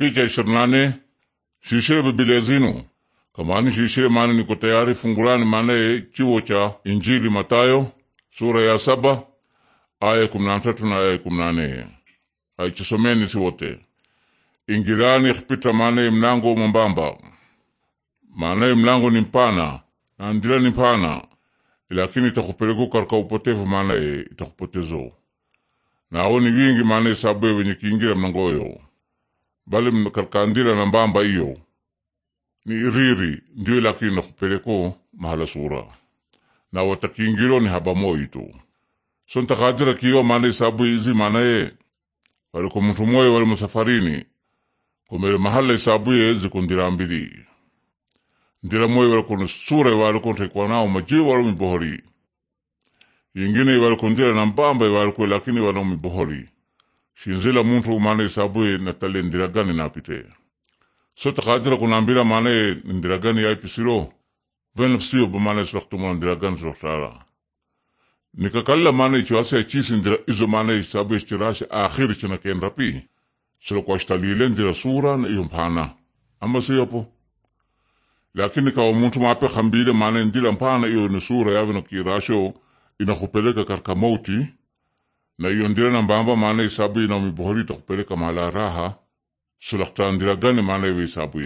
Picha ishirini na nane shishire Biblia zinu kamani shishire maana niko tayari fungulani maanaye chiwo cha Injili Matayo sura ya saba aya kumi na tatu na aya kumi na nane aichisomeni ingilani ikipita maanaye mlango mwembamba maanaye mlango ni mpana na ndira ni mpana lakini itakupeleka katika upotevu maanaye itakupotezo nawo ni wingi maanaye sababu wenye kiingira mlango huyo bali mnakarkandila na mbamba iyo ni iriri ndio lakini nakupeleko mahala sura na watakingilo ni moyo tu so ntakadira kiyo maana isabu izi maanaye waliko mtu moyo wali musafarini kumele mahala isabu ye zikundira mbili ndira moyo waliko ni sura waliko ntaikuwa nao majiwa walo mibohori ingine waliko ndira na mbamba waliko lakini walo mibohori shinzila muntu maana isaabuye natale ndira gani napite so takadira kunambira maana ndira gani yaipisiro venafsiyo bamaana isirakutumula ndira gani siraktala nikakalla maana ichiwase achisi ndira izo maana isaabuye chirashe akhiri china kenda pi silokwashtalile ndira sura na iyo mpana ama siyapo lakini kawa muntu mape khambile maana ndira mpana iyo ni sura yave nakirasho inakupeleka karka mauti na ndira na mbamba maana isabu ye na mibohori itakupeleka mala raha sulaktaandiragane maana iwe isabu